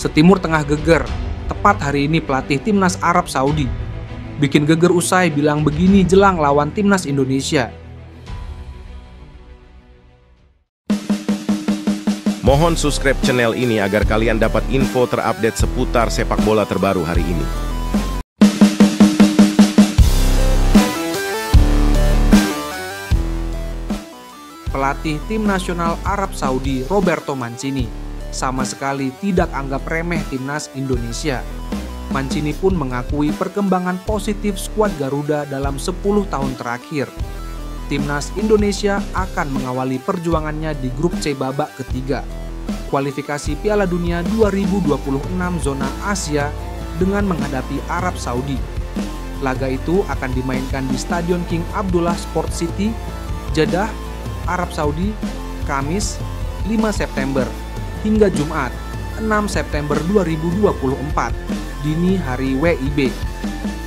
Setimur tengah geger, tepat hari ini pelatih timnas Arab Saudi. Bikin geger usai bilang begini jelang lawan timnas Indonesia. Mohon subscribe channel ini agar kalian dapat info terupdate seputar sepak bola terbaru hari ini. Pelatih tim nasional Arab Saudi Roberto Mancini sama sekali tidak anggap remeh timnas Indonesia. Mancini pun mengakui perkembangan positif skuad Garuda dalam 10 tahun terakhir. Timnas Indonesia akan mengawali perjuangannya di grup C babak ketiga. Kualifikasi Piala Dunia 2026 zona Asia dengan menghadapi Arab Saudi. Laga itu akan dimainkan di Stadion King Abdullah Sport City, Jeddah, Arab Saudi, Kamis 5 September hingga Jumat 6 September 2024 dini hari WIB.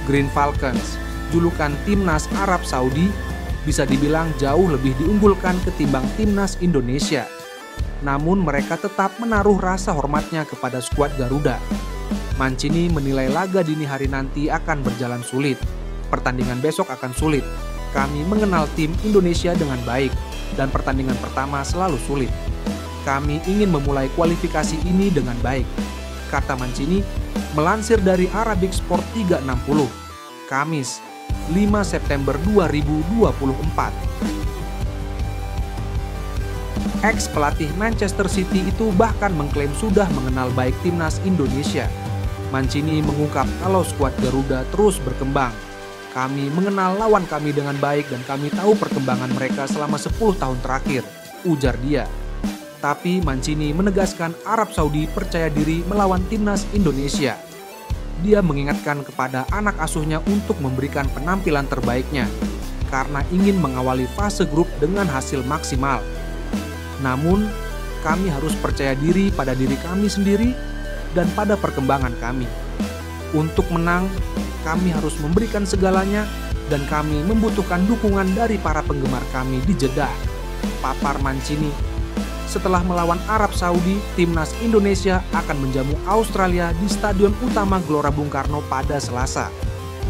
Green Falcons, julukan timnas Arab Saudi, bisa dibilang jauh lebih diunggulkan ketimbang timnas Indonesia. Namun mereka tetap menaruh rasa hormatnya kepada skuad Garuda. Mancini menilai laga dini hari nanti akan berjalan sulit. Pertandingan besok akan sulit. Kami mengenal tim Indonesia dengan baik dan pertandingan pertama selalu sulit. Kami ingin memulai kualifikasi ini dengan baik, kata Mancini, melansir dari Arabic Sport 360, Kamis, 5 September 2024. Ex pelatih Manchester City itu bahkan mengklaim sudah mengenal baik timnas Indonesia. Mancini mengungkap kalau skuad Garuda terus berkembang. Kami mengenal lawan kami dengan baik dan kami tahu perkembangan mereka selama 10 tahun terakhir, ujar dia. Tapi Mancini menegaskan Arab Saudi percaya diri melawan timnas Indonesia. Dia mengingatkan kepada anak asuhnya untuk memberikan penampilan terbaiknya karena ingin mengawali fase grup dengan hasil maksimal. Namun, kami harus percaya diri pada diri kami sendiri dan pada perkembangan kami. Untuk menang, kami harus memberikan segalanya dan kami membutuhkan dukungan dari para penggemar kami di Jeddah. Papar Mancini setelah melawan Arab Saudi, timnas Indonesia akan menjamu Australia di Stadion Utama Gelora Bung Karno pada Selasa,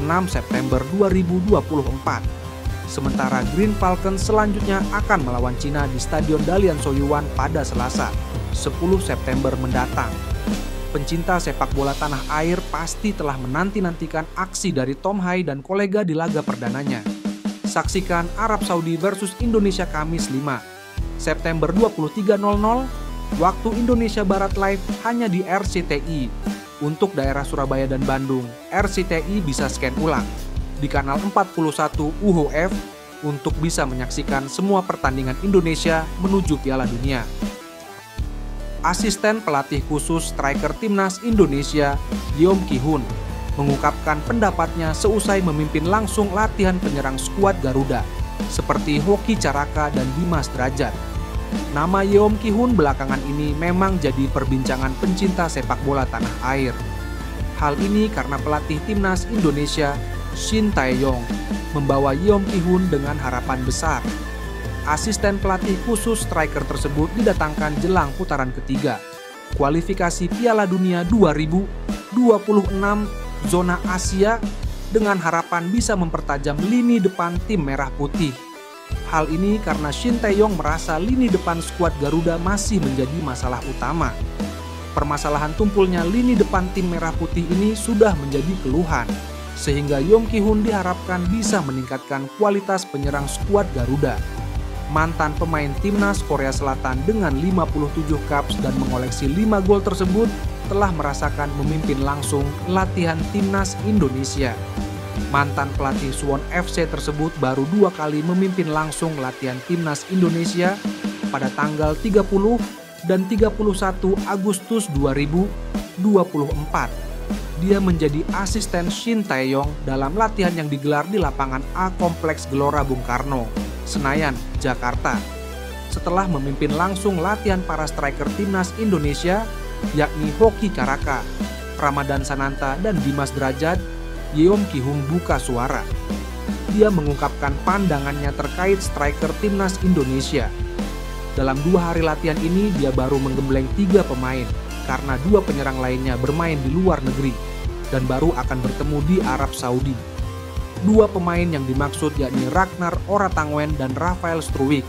6 September 2024. Sementara Green Falcon selanjutnya akan melawan Cina di Stadion Dalian Soyuan pada Selasa, 10 September mendatang. Pencinta sepak bola tanah air pasti telah menanti-nantikan aksi dari Tom Hai dan kolega di laga perdananya. Saksikan Arab Saudi versus Indonesia Kamis 5 September 23.00 waktu Indonesia Barat Live hanya di RCTI. Untuk daerah Surabaya dan Bandung, RCTI bisa scan ulang di kanal 41 UHF untuk bisa menyaksikan semua pertandingan Indonesia menuju Piala Dunia. Asisten pelatih khusus striker timnas Indonesia, Yom Ki-hun, mengungkapkan pendapatnya seusai memimpin langsung latihan penyerang skuad Garuda seperti Hoki Caraka dan Dimas Derajat. Nama Yeom Ki Hun belakangan ini memang jadi perbincangan pencinta sepak bola tanah air. Hal ini karena pelatih timnas Indonesia Shin Taeyong membawa Yeom Ki Hun dengan harapan besar. Asisten pelatih khusus striker tersebut didatangkan jelang putaran ketiga. Kualifikasi Piala Dunia 2026 zona Asia dengan harapan bisa mempertajam lini depan tim merah putih. Hal ini karena Shin Taeyong merasa lini depan skuad Garuda masih menjadi masalah utama. Permasalahan tumpulnya lini depan tim merah putih ini sudah menjadi keluhan, sehingga Yong Ki Hun diharapkan bisa meningkatkan kualitas penyerang skuad Garuda. Mantan pemain timnas Korea Selatan dengan 57 caps dan mengoleksi 5 gol tersebut telah merasakan memimpin langsung latihan timnas Indonesia. Mantan pelatih Suwon FC tersebut baru dua kali memimpin langsung latihan timnas Indonesia pada tanggal 30 dan 31 Agustus 2024. Dia menjadi asisten Shin Taeyong dalam latihan yang digelar di lapangan A Kompleks Gelora Bung Karno, Senayan, Jakarta. Setelah memimpin langsung latihan para striker timnas Indonesia, yakni Hoki Karaka, Ramadan Sananta, dan Dimas Derajat, Yeom Ki-hung buka suara. Dia mengungkapkan pandangannya terkait striker timnas Indonesia. Dalam dua hari latihan ini, dia baru menggembleng tiga pemain, karena dua penyerang lainnya bermain di luar negeri, dan baru akan bertemu di Arab Saudi. Dua pemain yang dimaksud yakni Ragnar Oratangwen dan Rafael Struwik.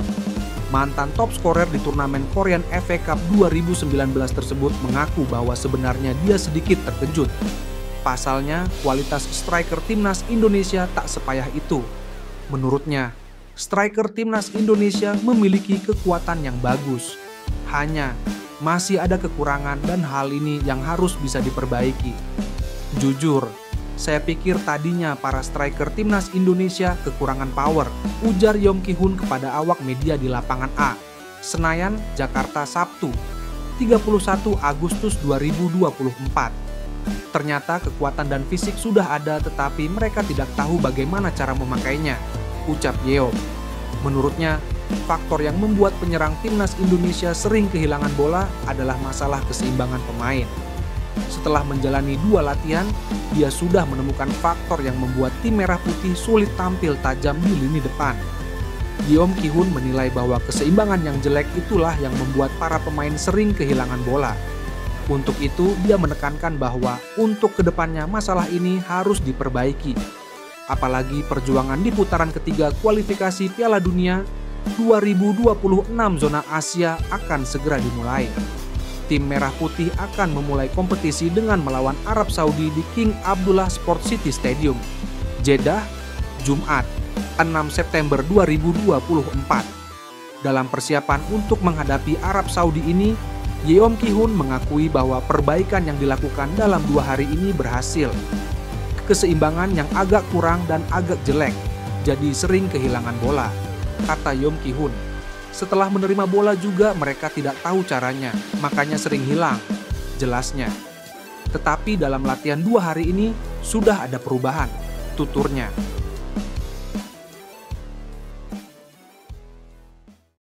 Mantan top scorer di turnamen Korean FA Cup 2019 tersebut mengaku bahwa sebenarnya dia sedikit terkejut Pasalnya, kualitas striker timnas Indonesia tak sepayah itu. Menurutnya, striker timnas Indonesia memiliki kekuatan yang bagus. Hanya, masih ada kekurangan dan hal ini yang harus bisa diperbaiki. Jujur, saya pikir tadinya para striker timnas Indonesia kekurangan power, ujar Yong Ki Hun kepada awak media di lapangan A. Senayan, Jakarta Sabtu, 31 Agustus 2024. Ternyata kekuatan dan fisik sudah ada tetapi mereka tidak tahu bagaimana cara memakainya, ucap Yeo. Menurutnya, faktor yang membuat penyerang timnas Indonesia sering kehilangan bola adalah masalah keseimbangan pemain. Setelah menjalani dua latihan, dia sudah menemukan faktor yang membuat tim merah putih sulit tampil tajam di lini depan. ki Kihun menilai bahwa keseimbangan yang jelek itulah yang membuat para pemain sering kehilangan bola. Untuk itu, dia menekankan bahwa untuk kedepannya masalah ini harus diperbaiki. Apalagi perjuangan di putaran ketiga kualifikasi Piala Dunia 2026 zona Asia akan segera dimulai. Tim Merah Putih akan memulai kompetisi dengan melawan Arab Saudi di King Abdullah Sport City Stadium, Jeddah, Jumat, 6 September 2024. Dalam persiapan untuk menghadapi Arab Saudi ini, Yeom Ki Hun mengakui bahwa perbaikan yang dilakukan dalam dua hari ini berhasil. Keseimbangan yang agak kurang dan agak jelek, jadi sering kehilangan bola, kata Yeom Ki Hun. Setelah menerima bola juga mereka tidak tahu caranya, makanya sering hilang, jelasnya. Tetapi dalam latihan dua hari ini, sudah ada perubahan, tuturnya.